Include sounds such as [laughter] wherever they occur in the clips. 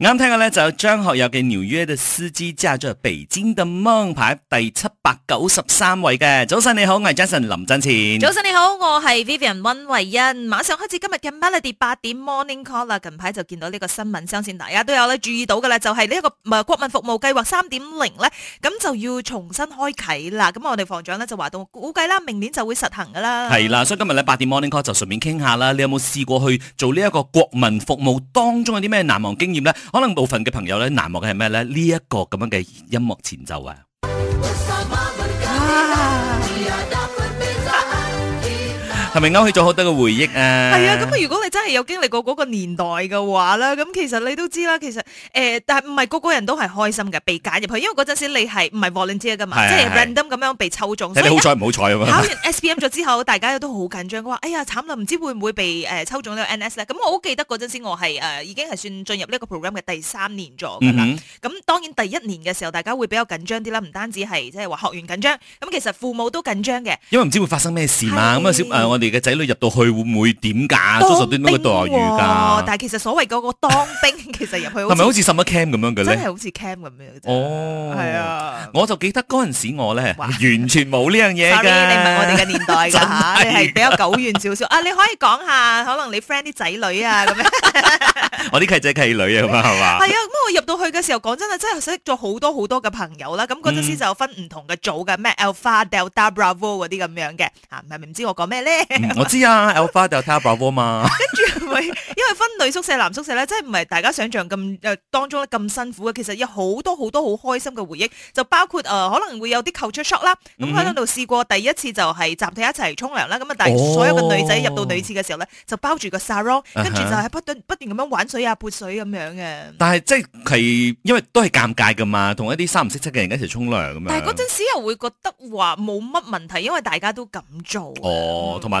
啱聽嘅咧就有張學友嘅《紐約的司機駕著北京嘅夢》排第七百九十三位嘅。早晨你好，我係 Jason 林振前。早晨你好，我係 Vivian 溫慧欣。馬上開始今日嘅 Melody 八點 Morning Call 啦。近排就見到呢個新聞，相信大家都有咧注意到嘅啦。就係呢一個唔、呃、國民服務計劃三點零咧，咁就要重新開啟啦。咁我哋房長咧就話到，估計啦明年就會實行噶啦。係啦，所以今日咧八點 Morning Call 就順便傾下啦。你有冇試過去做呢一個國民服務當中有啲咩難忘經驗咧？可能部分嘅朋友咧，難忘嘅係咩咧？呢一個咁樣嘅音樂前奏啊！係咪勾起咗好多嘅回憶啊？係啊，咁啊，如果你真係有經歷過嗰個年代嘅話咧，咁其實你都知啦。其實誒、呃，但係唔係個個人都係開心嘅，被揀入去，因為嗰陣時你係唔係 Volunteer 噶嘛，是啊、即係 Random 咁樣被抽中。是啊、以你好彩唔好彩啊！考完 SPM 咗之後， [laughs] 大家都好緊張，話哎呀慘啦，唔知會唔會被誒、呃、抽中呢個咗 NS 咧？咁我好記得嗰陣時我係誒、呃、已經係算進入呢個 program 嘅第三年咗噶啦。咁、嗯、哼當然第一年嘅時候，大家會比較緊張啲啦，唔單止係即係話學員緊張，咁其實父母都緊張嘅，因為唔知會發生咩事嘛。咁啊的小、呃你嘅仔女入到去會唔會點㗎？當兵喎，但係其實所謂嗰個當兵，其實入去係咪好似什麼 cam 咁樣嘅咧？真係好似 cam 咁樣。哦，係啊，我就記得嗰陣時我咧，完全冇呢樣嘢㗎。你問我哋嘅年代㗎吓，係比較久遠少少。啊，你可以講下，可能你 friend 啲仔女啊咁樣。我啲契仔契女啊嘛係嘛？係啊，咁我入到去嘅時候，講真啊，真係識咗好多好多嘅朋友啦。咁嗰陣時就分唔同嘅組㗎，咩 Alpha、Delta、Bravo 嗰啲咁樣嘅啊？係咪唔知我講咩咧？ [laughs] 嗯、我知啊 Alpha 有 Tiger 波嘛？ [laughs] 跟住係咪？因為分女宿舍、男宿舍咧，即係唔係大家想象咁誒當中咧咁辛苦嘅。其實有好多好多好開心嘅回憶，就包括誒、呃、可能會有啲 culture shock 啦。咁喺度試過第一次就係集體一齊沖涼啦。咁、嗯、啊，但係所有嘅女仔入到女廁嘅時候咧，就包住個 sarong，跟住就係不斷不斷咁樣玩水啊、潑水咁樣嘅。嗯、哼但係即係佢因為都係尷尬噶嘛，同一啲三唔識七嘅人一齊沖涼咁樣。但係嗰陣時又會覺得話冇乜問題，因為大家都咁做。嗯、哦，同埋。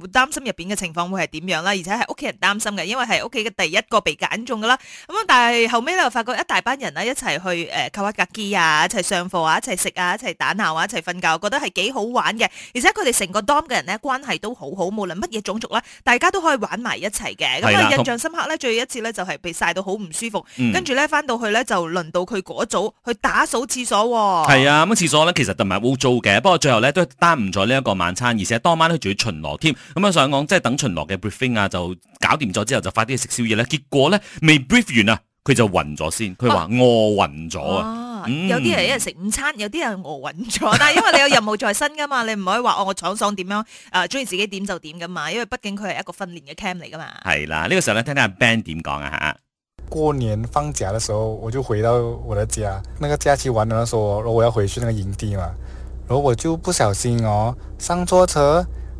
會擔心入邊嘅情況會係點樣啦，而且係屋企人擔心嘅，因為係屋企嘅第一個被揀中㗎啦。咁啊，但係後尾咧就發覺一大班人啊一齊去誒購物格機啊，一齊上課啊，一齊食啊，一齊打鬧啊，一齊瞓覺，覺得係幾好玩嘅。而且佢哋成個 dorm 嘅人咧關係都好好，無論乜嘢種族啦，大家都可以玩埋一齊嘅。咁啊，印象深刻咧，最後一次咧就係被曬到好唔舒服，跟住咧翻到去咧就輪到佢嗰組去打掃廁所。係啊，咁廁所咧其實特別污糟嘅，不過最後咧都耽誤咗呢一個晚餐，而且當晚咧仲要巡邏添。咁啊，想講、嗯、即係等巡邏嘅 briefing 啊，就搞掂咗之後就快啲去食宵夜咧。結果咧未 brief 完，啊，佢就暈咗先。佢話餓暈咗啊。嗯、有啲人一日食午餐，有啲人餓暈咗。但係因為你有任務在身噶嘛， [laughs] 你唔可以話哦，我爽爽點樣誒，中、啊、意自己點就點噶嘛。因為畢竟佢係一個訓練嘅 camp 嚟噶嘛。係啦，呢、這個時候咧聽聽阿 band 點講啊吓。過年放假嘅時候，我就回到我嘅家。那個假期玩了之後，我要回去那個營地嘛。然後我就不小心哦，上錯車。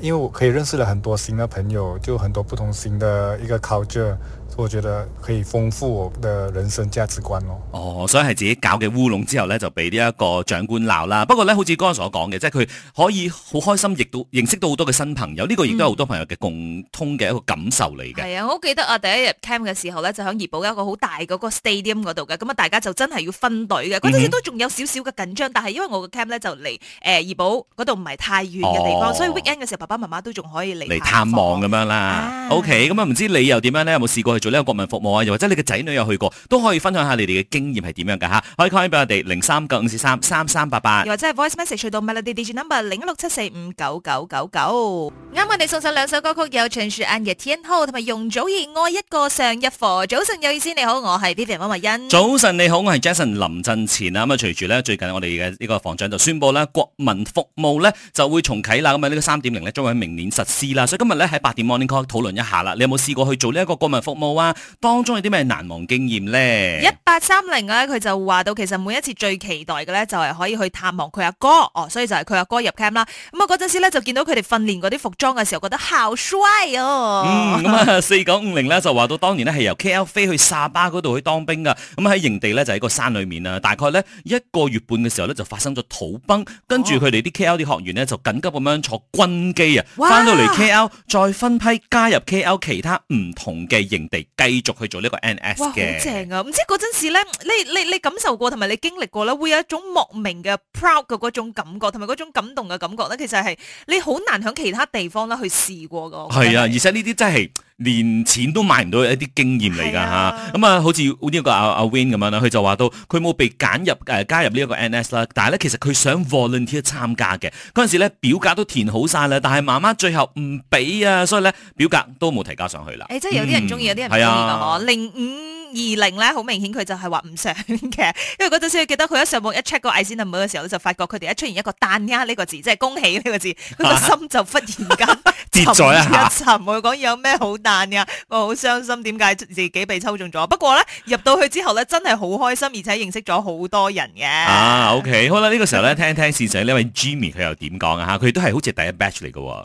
因為我可以認識了很多新的朋友，就很多不同新的一個 culture，我覺得可以豐富我的人生價值觀咯、哦。哦，所以係自己搞嘅烏龍之後咧，就俾呢一個長官鬧啦。不過咧，好似剛才所講嘅，即係佢可以好開心，亦都認識到好多嘅新朋友。呢、這個亦都係好多朋友嘅共通嘅一個感受嚟嘅。係、嗯、啊，我好記得啊，第一日 camp 嘅時候咧，就喺怡保一個好大嗰個 stadium 嗰度嘅。咁啊，大家就真係要分隊嘅。嗰陣時都仲有少少嘅緊張，但係因為我個 camp 咧就離誒怡保嗰度唔係太遠嘅地方，哦、所以 weekend 嘅時候爸爸媽媽都仲可以嚟嚟探望咁樣啦。OK，咁啊唔知你又點樣咧？有冇試過去做呢個國民服務啊？又或者你嘅仔女有去過，都可以分享下你哋嘅經驗係點樣嘅嚇。可以 call 翻俾我哋零三九五四三三三八八，又或者係 voice message 到 Melody digital number 零六七四五九九九九。啱，我哋送上兩首歌曲，有陳樹安陳勢安嘅《天后》同埋容祖兒《愛一個上一課》。早晨有意思，你好，我係 Beverly 麥慧欣。早晨你好，我係 Jason 林振前啊。咁啊，隨住咧最近我哋嘅呢個防長就宣布咧，國民服務咧就會重啟啦。咁啊，呢個三點零咧。將會喺明年實施啦，所以今日咧喺八點 Morning Call 討論一下啦。你有冇試過去做呢一個國民服務啊？當中有啲咩難忘經驗咧？一八三零啊，佢就話到其實每一次最期待嘅咧就係、是、可以去探望佢阿哥哦，所以就係佢阿哥入 camp 啦。咁啊嗰陣時咧就見到佢哋訓練嗰啲服裝嘅時候覺得好帥哦。咁啊四九五零咧就話到當年咧係由 KL 飛去沙巴嗰度去當兵噶，咁、嗯、喺營地咧就喺個山裡面啊。大概咧一個月半嘅時候咧就發生咗土崩，跟住佢哋啲 KL 啲學員呢，就緊急咁樣坐軍翻到嚟 K L，再分批加入 K L 其他唔同嘅營地，繼續去做呢個 N S 嘅。哇，好正啊！唔知嗰陣時咧，你你你感受過同埋你經歷過咧，會有一種莫名嘅 proud 嘅嗰種感覺，同埋嗰種感動嘅感覺咧，其實係你好難喺其他地方咧去試過噶。係啊，而且呢啲真係。連錢都買唔到一啲經驗嚟㗎嚇，咁啊，啊好似呢、呢個阿阿 Win 咁樣啦，佢就話到佢冇被揀入誒、呃、加入呢一個 NS 啦，但係咧其實佢想 volunteer 參加嘅嗰陣時咧表格都填好晒啦，但係媽媽最後唔俾啊，所以咧表格都冇提交上去啦。誒、欸，即係有啲人中意，嗯、有啲人唔中意，零五。二零咧，好明顯佢就係話唔想嘅，因為嗰陣時記得佢一上網一 check 個艾鮮納美嘅時候，就，就發覺佢哋一出現一個彈呀呢個字，即係恭喜呢、這個字，佢、啊、個心就忽然間沉一沉， [laughs] 一我講有咩好彈呀，我好傷心，點解自己被抽中咗？不過咧，入到去之後咧，真係好開心，而且認識咗好多人嘅。啊，OK，好啦，呢、這個時候咧，聽一聽線上呢位 Jimmy 佢又點講啊？嚇，佢都係好似第一 batch 嚟嘅。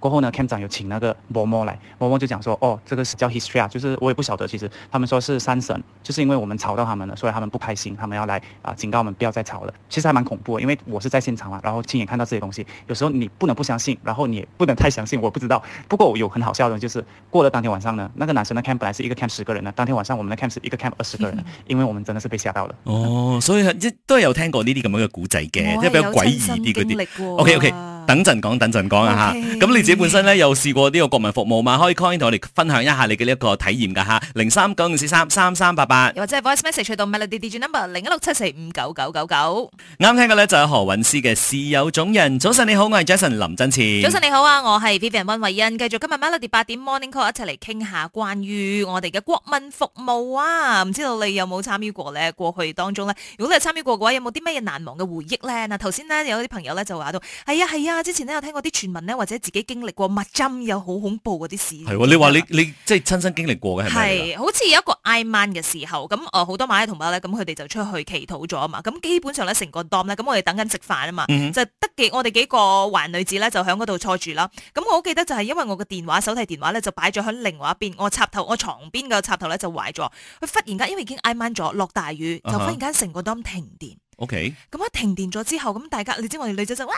過後呢，camp 長有請那個嬤嬤來，嬤嬤就講說，哦，這個是叫 hysteria 啊，就是我也不曉得，其實他們說是三神，就是因為我們吵到他們了，所以他們不開心，他們要來啊、呃、警告我們不要再吵了。其實還蠻恐怖的，因為我是在現場嘛、啊，然後親眼看到這些東西，有時候你不能不相信，然後你也不能太相信，我不知道。不過我有很好笑的就是過了當天晚上呢，那個男生的 camp 本來是一個 camp 十個人的，當天晚上我們的 camp 是一個 camp 二十個人，的，嗯、因為我們真的是被嚇到了。嗯、哦，所以你都有聽過呢啲咁樣嘅古仔嘅，是即係比較詭異啲嗰啲。O K O K。等陣講，等陣講啊嚇！咁 Okay. 你自己本身咧有試過呢個國民服務嘛？可以 call in 同我哋分享一下你嘅呢一個體驗㗎嚇。零三九五四三三三八八，又或者係 Voice Message 到 Melody Digi Number 零一六七四五九九九九。啱聽嘅咧就係何韻詩嘅《是有種人》。早晨你好，我係 Jason 林振詞。早晨你好啊，我係 Vivian 溫慧欣。繼續今日 Melody 八點 Morning Call 一齊嚟傾下關於我哋嘅國民服務啊！唔知道你有冇參與過呢？過去當中呢，如果你係參與過嘅話，有冇啲咩嘢難忘嘅回憶咧？嗱，頭先呢，有啲朋友咧就話到，係啊係啊。哎之前咧有聽過啲傳聞咧，或者自己經歷過墨針有好恐怖嗰啲事。係、嗯、你話你你即係親身經歷過嘅係咪？係，好似有一個挨晚嘅時候，咁誒好多馬來同胞咧，咁佢哋就出去祈禱咗啊嘛。咁基本上咧成個 dome 咧，咁我哋等緊食飯啊嘛，嗯、哼就得幾我哋幾個還女子咧就喺嗰度坐住啦。咁我好記得就係因為我嘅電話手提電話咧就擺咗喺另外一邊，我插頭我床邊個插頭咧就壞咗。佢忽然間因為已經挨晚咗，落大雨就忽然間成個 dome 停電。Uh huh. OK，咁一停電咗之後，咁大家你知我哋女仔就哇，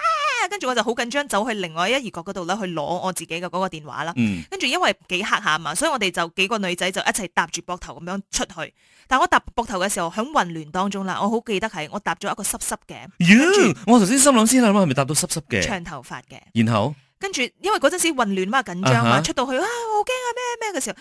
跟住我就好緊張，走去另外一隅角嗰度啦，去攞我自己嘅嗰個電話啦。嗯，跟住因為幾黑下嘛，所以我哋就幾個女仔就一齊搭住膊頭咁樣出去。但我搭膊頭嘅時候喺混亂當中啦，我好記得係我搭咗一個濕濕嘅。我頭先心諗先啦，咁係咪搭到濕濕嘅？長頭髮嘅。然後，跟住因為嗰陣時混亂嘛，緊張嘛，出到去啊，好驚啊，咩咩嘅時候。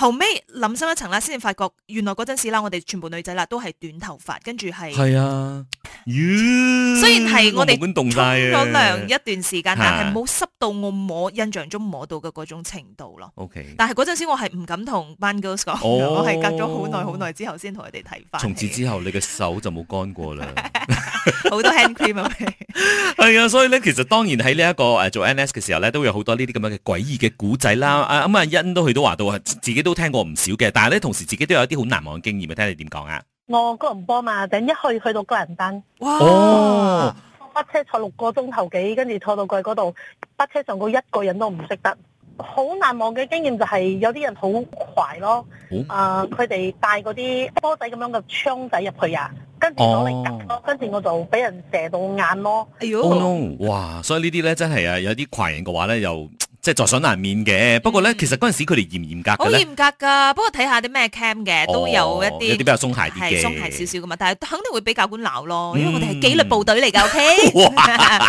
後尾諗深一層啦，先至發覺原來嗰陣時啦，我哋全部女仔啦都係短頭髮，跟住係係啊，雖然係我哋沖咗涼一段時間，但係冇濕到我摸印象中摸到嘅嗰種程度咯。OK，但係嗰陣時我係唔敢同班 girls 講，我係隔咗好耐好耐之後先同佢哋睇翻。從此之後，你嘅手就冇乾過啦，好多 hand cream 啊，係啊，所以咧，其實當然喺呢一個誒做 NS 嘅時候咧，都有好多呢啲咁樣嘅詭異嘅古仔啦。啊咁啊，欣都去都話到啊，自己都聽過唔少嘅，但係咧同時自己都有啲好難忘嘅經驗，咪聽你點講啊？我哥倫坡嘛，等一去去到哥倫登，哇！北、嗯、車坐六個鐘頭幾，跟住坐到佢嗰度，北車上個一個人都唔識得，好難忘嘅經驗就係、是、有啲人好壞咯。啊、哦，佢哋、呃、帶嗰啲波仔咁樣嘅槍仔入去啊，跟住攞嚟夾，哦、跟住我就俾人射到眼咯。哎呦！Oh、no, 哇，所以呢啲咧真係啊，有啲壞人嘅話咧又～即係在所難免嘅，不過咧，其實嗰陣時佢哋嚴唔嚴格咧？好嚴格噶，不過睇下啲咩 camp 嘅，都有一啲一啲比較鬆懈啲嘅，鬆懈少少噶嘛，但係肯定會俾教官鬧咯，因為我哋係紀律部隊嚟噶，OK？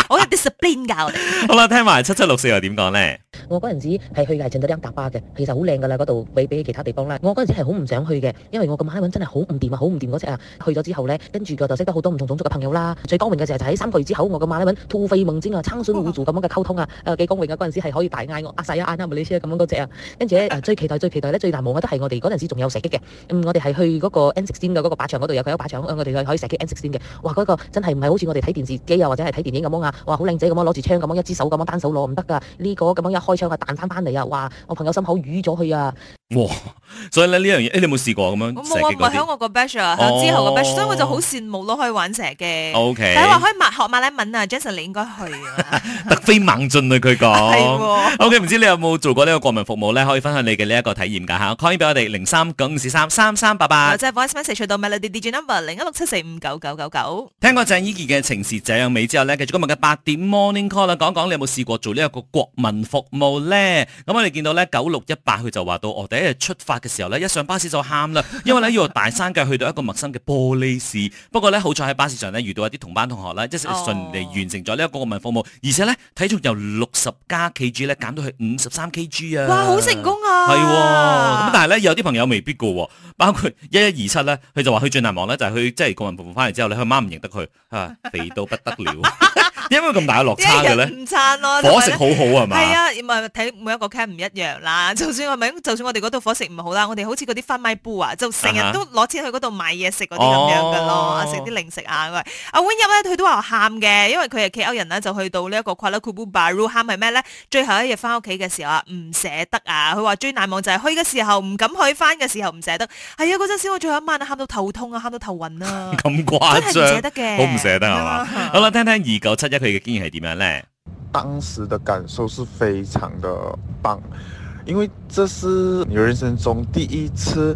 我有啲 discipline 噶。我哋 [laughs] 好啦，聽埋七七六四又點講咧？我嗰陣時係去嘅係乘咗啲阿搭巴嘅，其實好靚噶啦，嗰度比比其他地方啦。我嗰陣時係好唔想去嘅，因為我馬來文真係好唔掂啊，很好唔掂嗰隻啊。去咗之後呢，跟住就識得好多唔同種族嘅朋友啦、啊。最光榮嘅就係喺三個月之後，我馬來文突飛猛進啊，昌水互助咁樣嘅溝通啊，誒幾光榮啊！嗰陣時係可以大嗌我阿細啊，阿咪你師啊咁樣嗰隻啊。跟住、啊、最期待最期待咧最難忘嘅都係我哋嗰陣時仲有射擊嘅，我哋係去嗰個 n 溪線嘅嗰個靶場嗰度有佢一靶場，有一個靶場、嗯、我哋可以射擊安溪線嘅。哇嗰、那個真係唔係好似我哋睇槍啊彈翻翻嚟啊！哇，我朋友心口瘀咗去啊！哇！所以咧，呢樣嘢，誒，你有冇試過咁樣？我我我喺我個 Bachelor，喺之後個 Bachelor，所以我就好羨慕咯，可以玩蛇嘅。O K，但係話可以學馬來文啊，Jason，你應該去啊。突飛猛進啊，佢講。係喎。O K，唔知你有冇做過呢個國民服務咧？可以分享你嘅呢一個體驗噶吓，call 俾我哋零三九五四三三三八八，或者 voice message 到 Melody DJ number 零一六七四五九九九九。聽過鄭伊健嘅《情是這樣美》之後咧，繼續今日嘅八點 Morning Call 啦，講講你有冇試過做呢一個國民服務咧？咁我哋見到咧九六一八，佢就話到我哋。喺出發嘅時候咧，一上巴士就喊啦，因為咧要由大山腳去到一個陌生嘅玻璃市。不過咧好彩喺巴士上咧遇到一啲同班同學咧，即係順利完成咗呢一個國民服務，而且咧體重由六十加 kg 咧減到去五十三 kg 啊！哇，好成功啊！係、哦，咁但係咧有啲朋友未必噶，包括一一二七咧，佢就話佢最難忘咧就係、是、去即係國民服務翻嚟之後咧，佢媽唔認得佢，吓、啊、肥到不得了。 [laughs] 因為咁大落差嘅咧，伙食好好係嘛？係啊，睇每一個 p a 唔一樣啦。就算我咪，就算我哋嗰度伙食唔好啦，我哋好似嗰啲花米布啊，就成日都攞錢去嗰度買嘢食嗰啲咁樣噶咯，食啲、哦、零食啊。喂阿 Win 入咧，佢都話喊嘅，因為佢係 k o 人 e 就去到呢一個 k u Kubu b a r u 喊係咩咧？最後一日翻屋企嘅時候啊，唔捨得啊，佢話最難忘就係去嘅時候，唔敢去，翻嘅時候唔捨得。係、哎、啊，嗰陣時我最後一晚啊，喊到頭痛啊，喊到頭暈啊，咁誇 [laughs] 真係唔捨得嘅，好唔捨得係嘛？好啦，聽聽二九七。佢嘅經驗係點樣咧？當時的感受是非常的棒，因為這是你人生中第一次。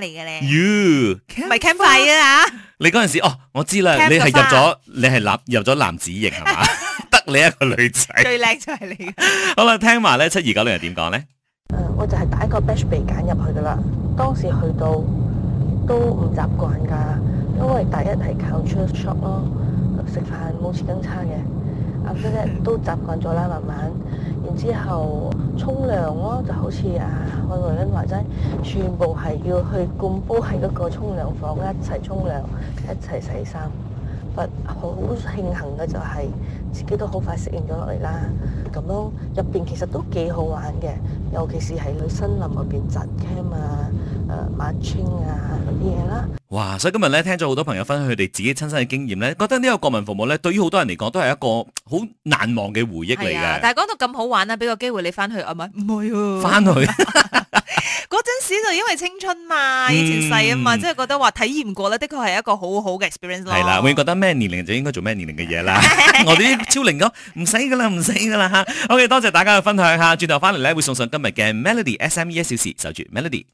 嚟嘅咧，咪 You. camp 費 fire ?啊你嗰陣時哦，我知啦，Camp 你係入咗，你係男入咗男子型，係嘛？得你一個女仔， [laughs] 最靚就係你。 [laughs] 好啦，聽埋咧七二九零又點講咧？誒、呃，我就係第一個 batch 被揀入去噶啦，當時去到都唔習慣噶，因為第一係 culture shock 咯，食飯冇次登餐嘅。阿 Sir 都習慣咗啦，慢慢，然之後沖涼咯，就好似啊，我同你話齋全部係要去灌煲喺嗰個沖涼房一齊沖涼，一齊洗衫。好慶幸嘅就係，是，自己都好快適應咗落嚟啦，咁咯入邊其實都幾好玩嘅，尤其是係喺森林嗰邊摘 cam 啊、誒馬穿啊嗰啲嘢啦。哇！所以今日咧聽咗好多朋友分享佢哋自己親身嘅經驗咧，覺得呢個國民服務咧對於好多人嚟講都係一個好難忘嘅回憶嚟嘅、啊。但係講到咁好玩啦，俾個機會你翻去係咪？唔係喎，翻去。是嗰陣時就因為青春嘛，以前細啊嘛，嗯、即係覺得話體驗過咧，的確係一個好好嘅 experience 咯。係啦，會覺得咩年齡就應該做咩年齡嘅嘢啦。我哋超齡咗，唔使噶啦，唔使噶啦吓。OK，多謝大家嘅分享吓，轉頭翻嚟咧會送上今日嘅 Melody SME 一小時，守住 Melody。